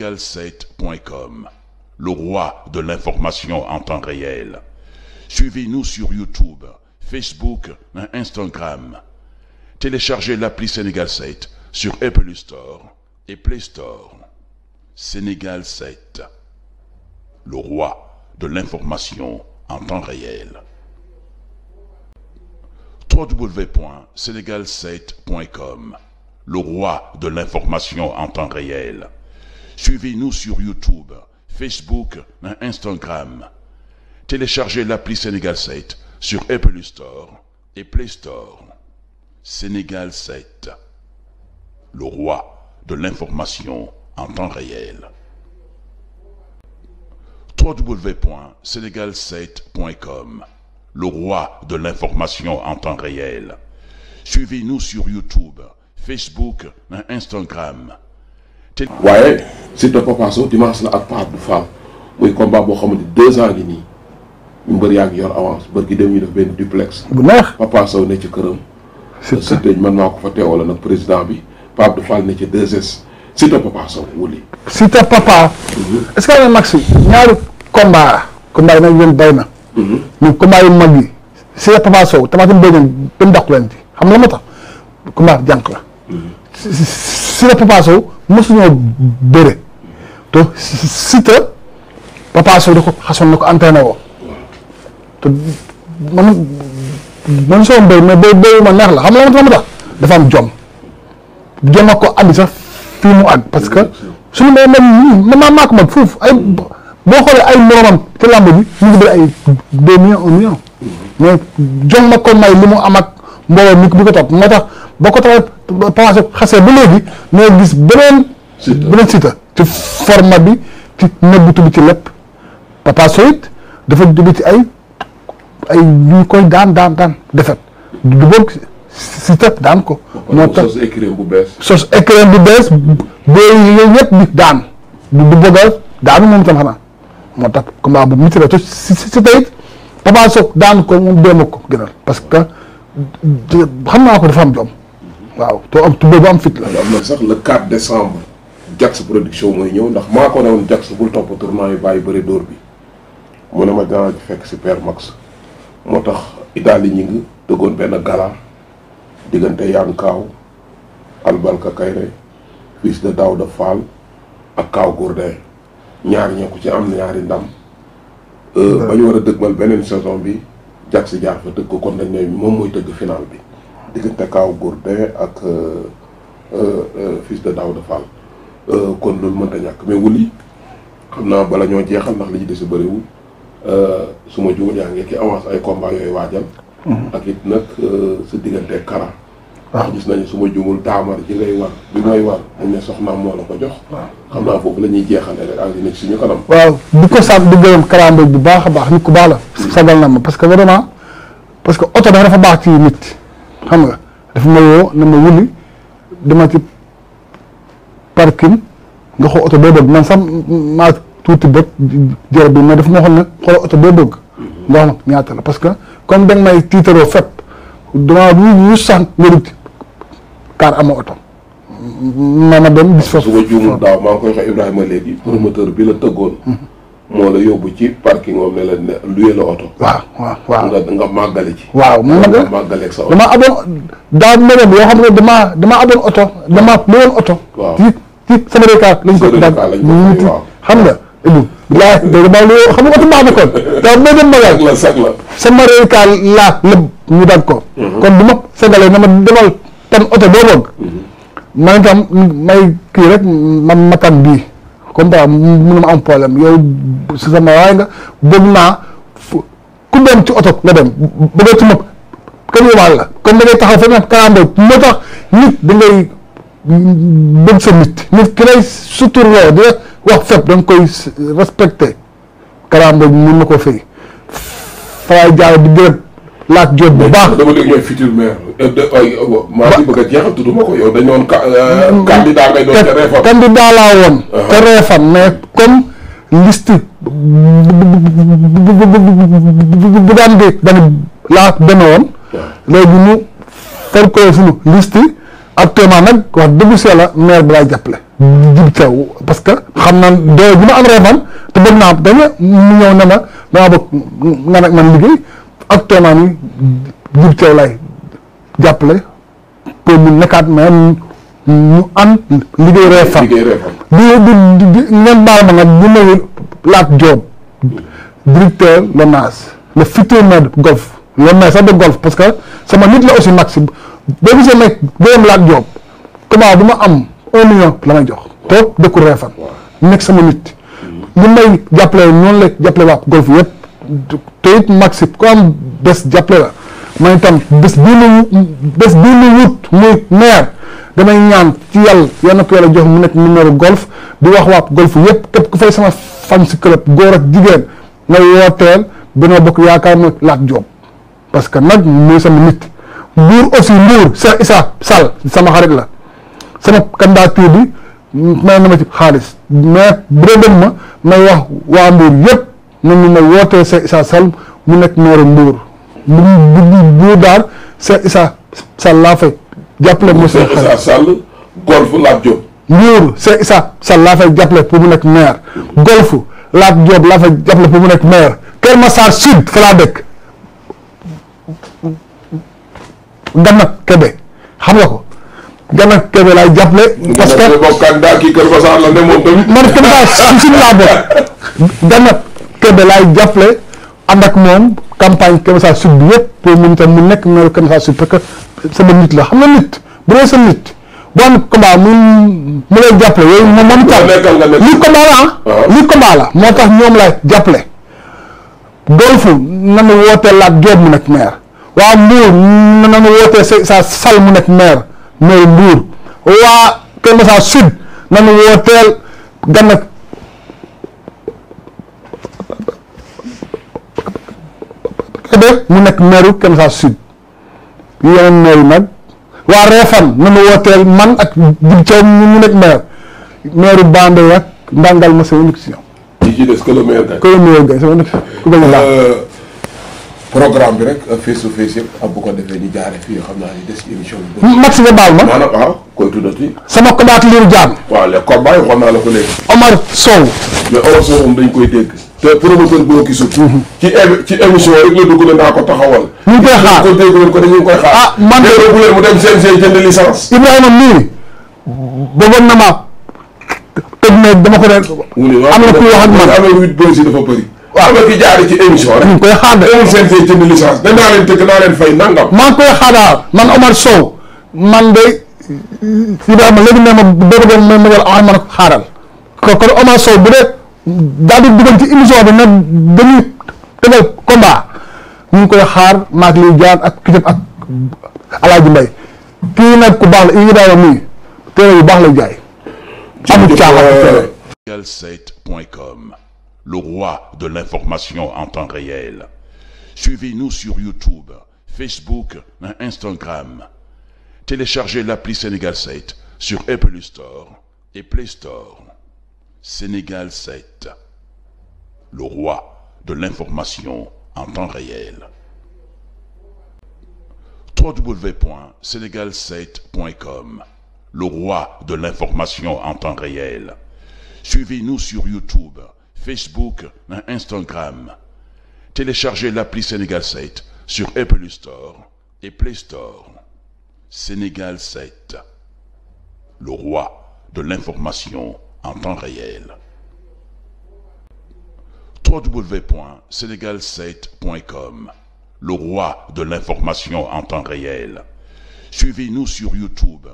Galset.com, le roi de l'information en temps réel. Suivez-nous sur YouTube, Facebook, Instagram. Téléchargez l'appli Sénégal 7 sur Apple Store et Play Store. Sénégal 7, le roi de l'information en temps réel. www.sénégal7.com, le roi de l'information en temps réel. Suivez-nous sur YouTube, Facebook et Instagram. Téléchargez l'appli Sénégal 7 sur Apple Store et Play Store. Sénégal 7, le roi de l'information en temps réel. wwwsénégal en temps réel. Suivez-nous sur YouTube, Facebook et Instagram. te waaye Siteu Papa Sow dimanche na ak Pa Abdou Fall muy combat boo xamante deux ans gi nii ñu mbër yaa ngi yor avance mbër gi dem ñu def benn duplex. bu neex Papa Sow ne ci këram. Siteu bi Pa Abdou Fall ne ci 2S Siteu Papa Sow wuli. Siteu Papa. Mm-hmm. est-ce que am ñaari combat. combat nag ñoom bay na. mais mm-hmm. combat yu mag yi Siteu Papa Sow tamit am benn benn leen ci xam nga la combat jànq la. Mm-hmm. Siteu Papa Sow mosuñoo bëre te Siteu Papa Sow da ko xasoon na ko entraîné woo te man man soo mbéy mais béy béyu ma neex la xam nga ma tax dafa am jom jom ko àgg parce que suñu mbéy man maa maa ko mag foofu ay bi ñu ngi bëri ay ma ko may li mu am ak mbooloo mi bu ko topp moo tax. boo ko taxawal passé xasee ba léegi ñoo gis beneen. ci format bi ci nëbbutu bi ci lépp Papa Sow dafa dugg ci ay ay ñu daan daan daan boog Siteu daan ko. moo tax sos écrin bu bees. sos écrin bu bees booy yooyu yëpp di daan du bëgg a daanu moom itam xanaa moo tax combat bu mutuelle te si si daan ko moom déem ko gënal parce que xam naa ko dafa am jom. waaw te am tuba bu am fit la. am na sax le 4 décembre. Jax production mooy ñëw ndax maa ko ne woon bul topp tournoi yu bàyyi bëri door bi mu ne ma dinaa fekk si Père moo tax Italie ñi ngi dëggoon benn gala diggante kaaw Albalka Kayre fils de Daouda Fall ak Kaaw Gourdin ñaar ñoo ko ci am ñaari ndam. Euh, ba war a dëgmal beneen saison bi Jax jaar fa tëgg ko kon dañ moom mooy tëgg final bi. diggante Kaaw Gourdin ak euh, euh, euh, fils de Daouda Fall kon loolu mënta ñàkk mais wuli xam naa bala ñoo jeexal ndax li ci des a bëriwul su ma juumee yaa ngi ki avance ay combat yooyu waajal. Mhm. ak it nag sa diggante Kara. waaw ah. gis nañu su ma juumul taamar ji ngay war bi may war dañ ne soxnaam moo la ko jox. waaw ah. xam naa foofu la ñuy jeexalee rek ak suñu kanam. waaw di ko sant di gërëm Kara bu baax a baax nit ku baax la. Mm. sagal na ma parce que vraiment parce que oto dafa baax ci nit. xam nga dafa ma woo na ma wuli dama ci parking nga xool oto boo bëgg man sax maa tuuti bët jarab bi mais dafa ma xool ne xoolal oto boo bëgg nga xam ñaata la parce que comme da may tiitaroo fépp dama bu ñu sant ngërub ci car amoo oto ma ma dem gis fa su ko juumul daaw maa koy wax Ibrahima léegi promoteur bi la tëggoon mm-hmm. moo la yóbbu ci parking am ne la ne luye la oto. waaw nga nga màggale ci. waaw ma màggal nga màggaleeg sa oto. damaa amoon daa meloon yoo xam ne damaa damaa amoon oto damaa luyoon oto. waaw ci ci sama réew lañ ko daan xam nga. Ibou bilaa damaa luye xam nga oto baax na kon. daa ma dem magal la sax la. sama réew laa la ñu daan ko. Mhm. kon bu ma na ma demal tan oto boo bëgg. Mhm. man may kii ma tànn bii. comme ça mun na am problème yow si sama waay nga bëgg naa ku dem ci oto nga dem bëggee ci moom kenn yóbbaale la comme da ngay taxaw foofu nag kalandoo tax nit da ngay bëgg nit nit ki lay suturloo wax fépp da nga koy respecté kalandoo mun na ko fay fay jaay di gërëm. laaj Diop bu baax dama dégg mooy futur maire. Euh, euh, euh, maa ngi bëgg a jeexal tudd mm, mm. laa woon. Uh-huh. ca Réfane mais uh-huh. léegi ñu far ko suñu liste actuellement nag wax dëgg si yàlla maire bi laay jib ca parce que xam naa doole bi am Réfane te bëgg naa dañu mu ñëw ne ma damaa bëgg nga nag man liggéey. actuellement nii Djiby Thiaw laay jàppale pour mu nekkaat maanaam ñu ànd liggéey Refane di di di ngeen baal ma nga bu may laat Diop directeur LONASE le futur maire de golf le maire sax de golf parce que sama nit la aussi Maxime boo gisee nag booyam laat Diop comment bu ma am un million la may jox te dëkku Refane nekk sama nit li may jàppale noonu la jàppale waa golf yëpp te it maxi ku am bés jàppale la man itam bés bii ma bés muy meer damay ñaan ci yàlla yal na ko yàlla jox mu nekk numéro golf di wax waat golf yëpp képp ku fay sama fan si club góor ak jigéen nga benoo bokk yaakaar ma laaj joom parce que nag muy sama nit mbuur aussi mbuur Cheikh Issa Sall sama xarit la sama candidature bi may na ma ci xaalis mais bu dee ma may wax waa mbuur yëpp ñoom ñu ne wootee Cheikh Issa Sall mu nekk meeru Mbour mu ngi bu daar Cheikh Issa Sall laa fay jàppale mu Cheikh Issa Sall golf Lat Diop Mbour Cheikh Issa Sall laa fay jàppale pour mu nekk maire golf Lat Diop laa fay jàppale pour mu nekk maire Kër Massar Sud fa laa dëkk Gannat Kébé xam nga ko Gannat Kébé laay jàppale. parce que man Kër Massar la ne moom tamit. man Kër Massar Sud laa bokk Gannat Kébé laay jàppale ànd ak moom campagne Keur Massar Sud bi yëpp pour moom itam mu nekk maire Keur Massar Sud parce que sama nit la xam nga nit bu dee sa nit boo am combat mu mu lay jàppale yooyu moom moom itam li combat la ah, ah. li combat la moo tax ñoom laay jàppale golfu nanu wootee laat Jóob mu nekk maire waa Mbour nanu wootee sa sa sal mu nekk maire maire Mbour waa Keur Massar Sud nanu wooteel gannak te def mu nekk meeru Kër Sud yeneen meer yi nag waa Réfane nanu wooteel man ak Doudou Thiaw mu nekk meer meeru Bande ak Ndangal ma sama émission. yi ci des que le meilleur gagne. que le meilleur gagne sama ku bëgg laa. Euh, programme bi rek face to face yëpp ak bu ko defee ñu jaaree fii xam naa ni des émission bi. mat si nga baal ma maanaam ah koy tuddati. sama combat liiru jaam. waaw les combats yi xam naa la ko léegi. Omar Sow. mais Omar Sow moom dañ koy dégg. te promoteur boo gisul. Mhm. ci ci émission rek la dugg naa ko taxawal. ñu ngi koy xaar ko dégg leen ko ah man de bu leen mu dem CNG jënd licence. Ibrahima mii bëggoon na ma tëj mais dama ko leen. am na ku wax ak man amee huit dossiers dafa bëri. waaw nga ki jaaree ci émission rek. ñu ngi koy xaar de demul CNG jënd licence danaa leen tëgg naa leen fay nangam. maa ngi koy xaaraa man Omar Sow man de Ibrahima léegi nee ma bëgg doon ma ma wala ah ma xaaral kon kon Omar Sow bu dee. daal di dugal ci émission bi nag dañuy combat ñu ngi koy xaar maak liy jaar ak ki ak kii nag ku baax la i daala muy téere bu baax lay jaay amul caaxaan Galset.com le roi de l'information en temps réel suivez-nous sur YouTube Facebook et Instagram téléchargez l'appli Sénégal 7 sur Apple Store et Play Sénégal 7, le roi de l'information en temps réel. www.sénégal7.com, le roi de l'information en temps réel. Suivez-nous sur YouTube, Facebook et Instagram. Téléchargez l'appli Sénégal 7 sur Apple Store et Play Sénégal 7, le roi de l'information en temps réel. www.senegal7.com Le roi de l'information en temps réel. Suivez-nous sur YouTube,